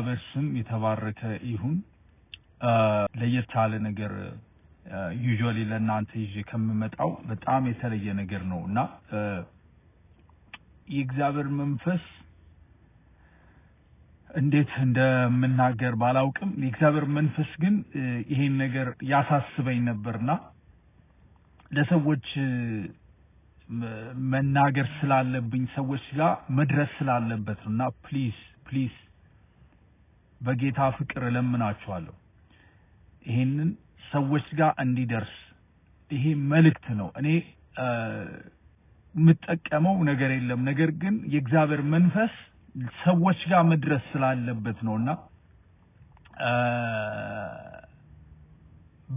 የእግዚአብሔር ስም የተባረከ ይሁን። ለየት ያለ ነገር ዩዥዋሊ ለእናንተ ይዤ ከምመጣው በጣም የተለየ ነገር ነው እና የእግዚአብሔር መንፈስ እንዴት እንደምናገር ባላውቅም የእግዚአብሔር መንፈስ ግን ይሄን ነገር ያሳስበኝ ነበርና ለሰዎች መናገር ስላለብኝ ሰዎች ጋር መድረስ ስላለበት ነው እና ፕሊዝ ፕሊዝ በጌታ ፍቅር እለምናችኋለሁ። ይህንን ሰዎች ጋር እንዲደርስ ይሄ መልእክት ነው። እኔ የምጠቀመው ነገር የለም፣ ነገር ግን የእግዚአብሔር መንፈስ ሰዎች ጋር መድረስ ስላለበት ነው እና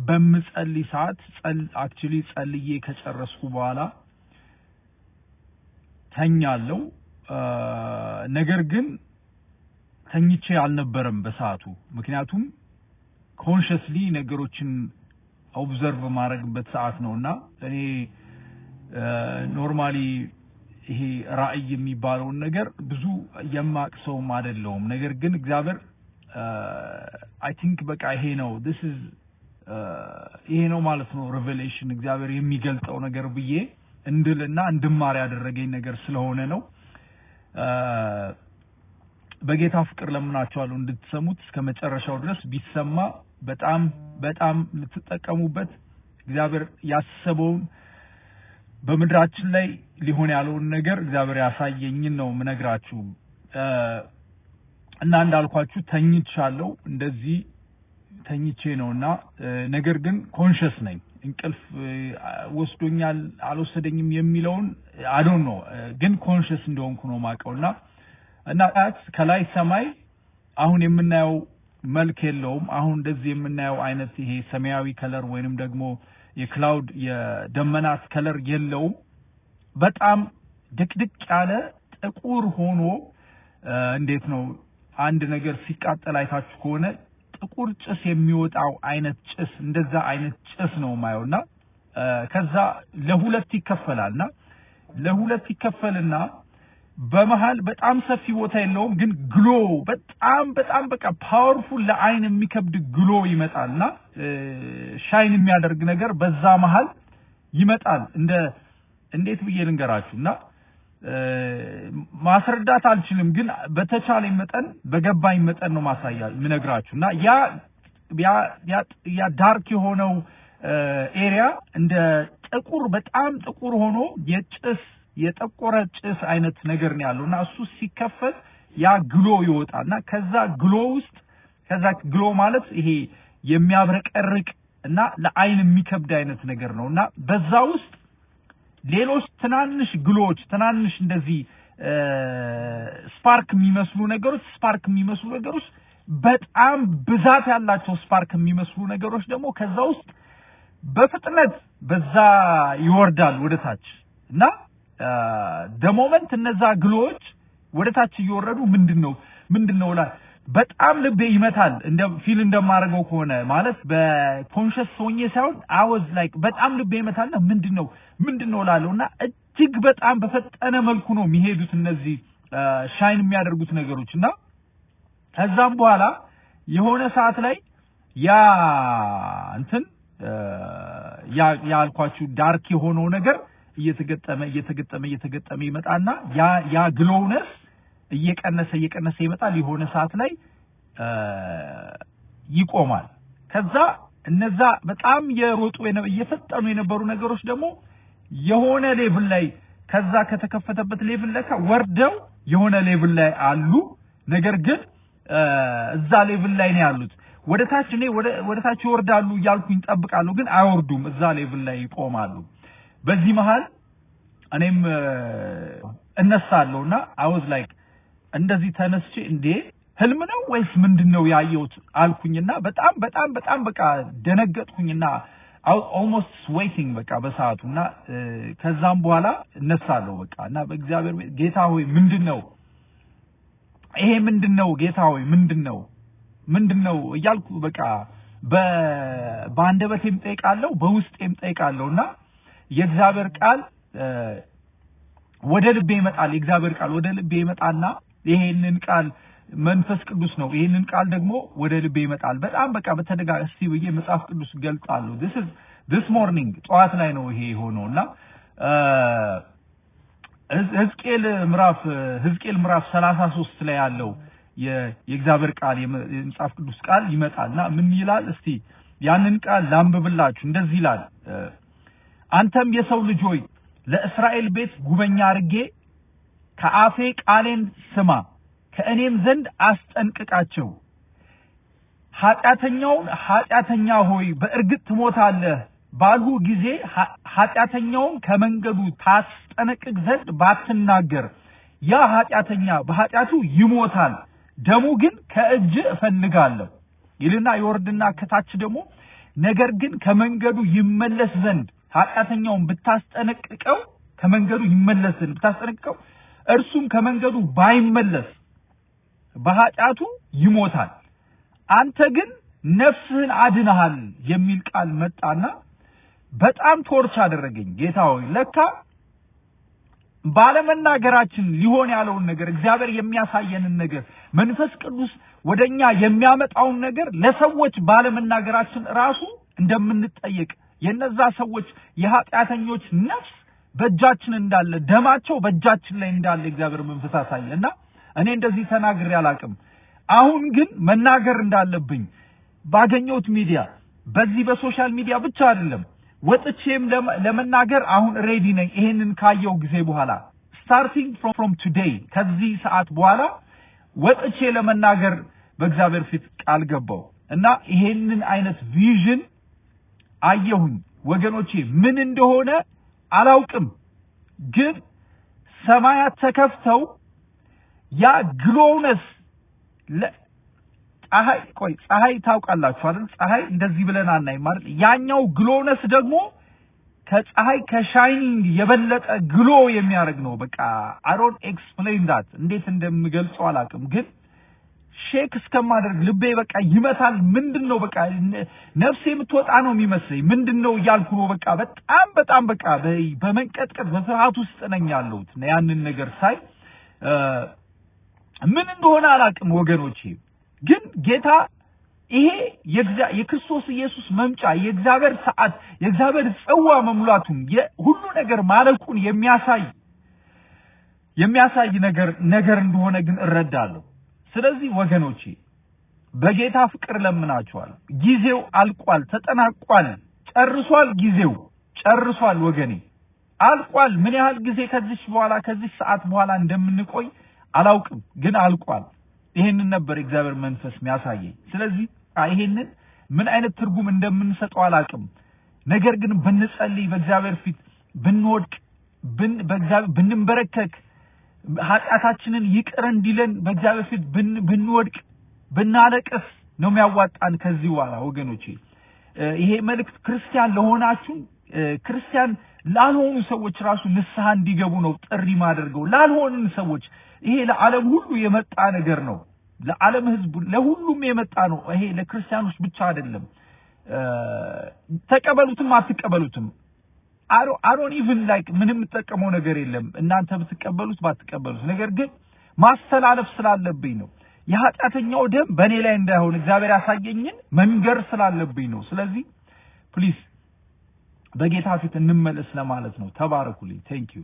በምጸልይ ሰዓት አክቹሊ ጸልዬ ከጨረስኩ በኋላ ተኛለው። ነገር ግን ተኝቼ አልነበረም በሰዓቱ። ምክንያቱም ኮንሽስሊ ነገሮችን ኦብዘርቭ ማድረግበት ሰዓት ነው እና እኔ ኖርማሊ ይሄ ራእይ የሚባለውን ነገር ብዙ የማቅ ሰውም አይደለውም። ነገር ግን እግዚአብሔር አይ ቲንክ በቃ ይሄ ነው ስ ይሄ ነው ማለት ነው ሬቨሌሽን እግዚአብሔር የሚገልጠው ነገር ብዬ እንድልና እንድማር ያደረገኝ ነገር ስለሆነ ነው። በጌታ ፍቅር ለምናቸዋለሁ እንድትሰሙት እስከ መጨረሻው ድረስ ቢሰማ በጣም በጣም ልትጠቀሙበት እግዚአብሔር ያሰበውን በምድራችን ላይ ሊሆን ያለውን ነገር እግዚአብሔር ያሳየኝን ነው ምነግራችሁ እና እንዳልኳችሁ ተኝቻለሁ። እንደዚህ ተኝቼ ነው እና ነገር ግን ኮንሽስ ነኝ። እንቅልፍ ወስዶኛል አልወሰደኝም የሚለውን አዶን ነው ግን ኮንሽስ እንደሆንኩ ነው ማውቀው እና እና ከላይ ሰማይ አሁን የምናየው መልክ የለውም። አሁን እንደዚህ የምናየው አይነት ይሄ ሰማያዊ ከለር ወይንም ደግሞ የክላውድ የደመናት ከለር የለውም። በጣም ድቅድቅ ያለ ጥቁር ሆኖ እንዴት ነው አንድ ነገር ሲቃጠል አይታችሁ ከሆነ ጥቁር ጭስ የሚወጣው አይነት ጭስ እንደዛ አይነት ጭስ ነው ማየው እና ከዛ ለሁለት ይከፈላል እና ለሁለት ይከፈልና በመሃል በጣም ሰፊ ቦታ የለውም፣ ግን ግሎ በጣም በጣም በቃ ፓወርፉል ለአይን የሚከብድ ግሎ ይመጣልና ሻይን የሚያደርግ ነገር በዛ መሃል ይመጣል። እንደ እንዴት ብዬ ልንገራችሁ እና ማስረዳት አልችልም፣ ግን በተቻለኝ መጠን በገባኝ መጠን ነው ማሳያ የምነግራችሁ እና ያ ያ ዳርክ የሆነው ኤሪያ እንደ ጥቁር በጣም ጥቁር ሆኖ የጭስ የጠቆረ ጭስ አይነት ነገር ነው ያለው እና እሱ ሲከፈት ያ ግሎ እና ከዛ ግሎ ውስጥ ከዛ ግሎ ማለት ይሄ የሚያብረቀርቅ እና ለአይን የሚከብድ አይነት ነገር ነው እና በዛ ውስጥ ሌሎች ትናንሽ ግሎዎች ትናንሽ እንደዚህ ስፓርክ የሚመስሉ ነገሮች ስፓርክ የሚመስሉ ነገሮች በጣም ብዛት ያላቸው ስፓርክ የሚመስሉ ነገሮች ደግሞ ከዛ ውስጥ በፍጥነት በዛ ይወርዳል ወደ ታች እና ደሞመንት እነዛ ግሎዎች ወደ ታች እየወረዱ ምንድን ነው ምንድን ነው በጣም ልቤ ይመታል እንደ ፊል እንደማደርገው ከሆነ ማለት በኮንሸስ ሆኜ ሳይሆን አወዝ ላይክ በጣም ልቤ ይመታል ምንድን ነው ምንድን ነው ላለው እና እጅግ በጣም በፈጠነ መልኩ ነው የሚሄዱት እነዚህ ሻይን የሚያደርጉት ነገሮች እና ከዛም በኋላ የሆነ ሰዓት ላይ ያ እንትን ያልኳችሁ ዳርክ የሆነው ነገር እየተገጠመ እየተገጠመ እየተገጠመ ይመጣና ያ ያ ግሎውነስ እየቀነሰ እየቀነሰ ይመጣል። የሆነ ሰዓት ላይ ይቆማል። ከዛ እነዛ በጣም የሮጡ እየፈጠኑ የነበሩ ነገሮች ደግሞ የሆነ ሌቭል ላይ ከዛ ከተከፈተበት ሌቭል ለካ ወርደው የሆነ ሌቭል ላይ አሉ። ነገር ግን እዛ ሌቭል ላይ ነው ያሉት። ወደ ታች እኔ ወደ ታች ይወርዳሉ እያልኩኝ ጠብቃለሁ፣ ግን አይወርዱም። እዛ ሌቭል ላይ ይቆማሉ። በዚህ መሀል እኔም እነሳለሁ እና አወዝ ላይ እንደዚህ ተነስቼ እንዴ ህልም ነው ወይስ ምንድን ነው ያየሁት አልኩኝና በጣም በጣም በጣም በቃ ደነገጥኩኝና ኦልሞስት ዌይቲንግ በቃ በሰዓቱ እና ከዛም በኋላ እነሳለሁ በቃ እና በእግዚአብሔር ጌታ ሆይ ምንድን ነው ይሄ ምንድን ነው ጌታ ሆይ ምንድን ነው ምንድን ነው እያልኩ በቃ በአንደበቴም ጠይቃለሁ በውስጤም ጠይቃለሁ እና የእግዚአብሔር ቃል ወደ ልቤ ይመጣል። የእግዚአብሔር ቃል ወደ ልቤ ይመጣና ይሄንን ቃል መንፈስ ቅዱስ ነው ይህንን ቃል ደግሞ ወደ ልቤ ይመጣል። በጣም በቃ በተደጋ እስቲ ብዬ መጽሐፍ ቅዱስ ገልጣለሁ። ስ ዲስ ሞርኒንግ ጠዋት ላይ ነው ይሄ የሆነው እና ህዝቅኤል ምዕራፍ ህዝቅኤል ምዕራፍ ሰላሳ ሶስት ላይ ያለው የእግዚአብሔር ቃል የመጽሐፍ ቅዱስ ቃል ይመጣልና ምን ይላል? እስቲ ያንን ቃል ላንብብላችሁ። እንደዚህ ይላል አንተም የሰው ልጅ ሆይ ለእስራኤል ቤት ጉበኛ አርጌ ከአፌ ቃሌን ስማ፣ ከእኔም ዘንድ አስጠንቅቃቸው። ኃጢአተኛውን ኃጢአተኛ ሆይ በእርግጥ ትሞታለህ ባልሁ ጊዜ ኃጢአተኛውን ከመንገዱ ታስጠነቅቅ ዘንድ ባትናገር፣ ያ ኃጢአተኛ በኃጢአቱ ይሞታል፣ ደሙ ግን ከእጅ እፈልጋለሁ ይልና ይወርድና ከታች ደግሞ ነገር ግን ከመንገዱ ይመለስ ዘንድ ኃጢአተኛውን ብታስጠነቅቀው ከመንገዱ ይመለስን ብታስጠነቅቀው እርሱም ከመንገዱ ባይመለስ በኃጢአቱ ይሞታል። አንተ ግን ነፍስህን አድንሃል የሚል ቃል መጣና በጣም ቶርች አደረገኝ። ጌታ ሆይ ለካ ባለመናገራችን ሊሆን ያለውን ነገር እግዚአብሔር የሚያሳየንን ነገር መንፈስ ቅዱስ ወደኛ የሚያመጣውን ነገር ለሰዎች ባለመናገራችን ራሱ እንደምንጠየቅ የነዛ ሰዎች የኃጢአተኞች ነፍስ በእጃችን እንዳለ ደማቸው በእጃችን ላይ እንዳለ እግዚአብሔር መንፈስ አሳየ እና እኔ እንደዚህ ተናግሬ አላቅም። አሁን ግን መናገር እንዳለብኝ ባገኘሁት ሚዲያ በዚህ በሶሻል ሚዲያ ብቻ አይደለም ወጥቼም ለመናገር አሁን ሬዲ ነኝ። ይሄንን ካየው ጊዜ በኋላ ስታርቲንግ ፍሮም ቱዴይ ከዚህ ሰዓት በኋላ ወጥቼ ለመናገር በእግዚአብሔር ፊት ቃል ገባው እና ይሄንን አይነት ቪዥን አየሁኝ ወገኖቼ ምን እንደሆነ አላውቅም ግን ሰማያት ተከፍተው ያ ግሎውነስ ፀሐይ ቆይ ፀሐይ ታውቃላችሁ አይደል ፀሐይ እንደዚህ ብለን አናይ ማለት ያኛው ግሎውነስ ደግሞ ከፀሐይ ከሻይኒንግ የበለጠ ግሎ የሚያደርግ ነው በቃ አሮን ኤክስፕሌን ዳት እንዴት እንደምገልጸው አላውቅም ግን ሼክ እስከማደርግ ልቤ በቃ ይመታል። ምንድን ነው በቃ ነፍሴ የምትወጣ ነው የሚመስለኝ። ምንድን ነው እያልኩ ነው በቃ በጣም በጣም በቃ በመንቀጥቀጥ በፍርሃት ውስጥ ነኝ ያለሁት። ያንን ነገር ሳይ ምን እንደሆነ አላቅም ወገኖቼ፣ ግን ጌታ ይሄ የክርስቶስ ኢየሱስ መምጫ የእግዚአብሔር ሰዓት የእግዚአብሔር ጽዋ መሙላቱን ሁሉ ነገር ማለቁን የሚያሳይ የሚያሳይ ነገር ነገር እንደሆነ ግን እረዳለሁ። ስለዚህ ወገኖቼ በጌታ ፍቅር ለምናችኋል። ጊዜው አልቋል፣ ተጠናቋል፣ ጨርሷል። ጊዜው ጨርሷል ወገኔ አልቋል። ምን ያህል ጊዜ ከዚህ በኋላ ከዚህ ሰዓት በኋላ እንደምንቆይ አላውቅም፣ ግን አልቋል። ይሄንን ነበር እግዚአብሔር መንፈስ የሚያሳየኝ። ስለዚህ ይሄንን ምን አይነት ትርጉም እንደምንሰጠው አላውቅም። ነገር ግን ብንጸልይ፣ በእግዚአብሔር ፊት ብንወድቅ፣ ብንበረከክ ኃጢአታችንን ይቅር እንዲለን በእግዚአብሔር ፊት ብንወድቅ ብናለቅስ ነው የሚያዋጣን። ከዚህ በኋላ ወገኖች፣ ይሄ መልእክት ክርስቲያን ለሆናችሁ ክርስቲያን ላልሆኑ ሰዎች ራሱ ንስሐ እንዲገቡ ነው ጥሪ ማደርገው። ላልሆንን ሰዎች ይሄ ለዓለም ሁሉ የመጣ ነገር ነው። ለዓለም ሕዝብ ለሁሉም የመጣ ነው። ይሄ ለክርስቲያኖች ብቻ አይደለም። ተቀበሉትም አትቀበሉትም አሮን ኢቭን ላይክ ምንም የምጠቀመው ነገር የለም እናንተ ብትቀበሉት ባትቀበሉት፣ ነገር ግን ማስተላለፍ ስላለብኝ ነው። የኃጢአተኛው ደም በእኔ ላይ እንዳይሆን እግዚአብሔር ያሳየኝን መንገር ስላለብኝ ነው። ስለዚህ ፕሊስ በጌታ ፊት እንመለስ ለማለት ነው። ተባረኩልኝ። ቴንክ ዩ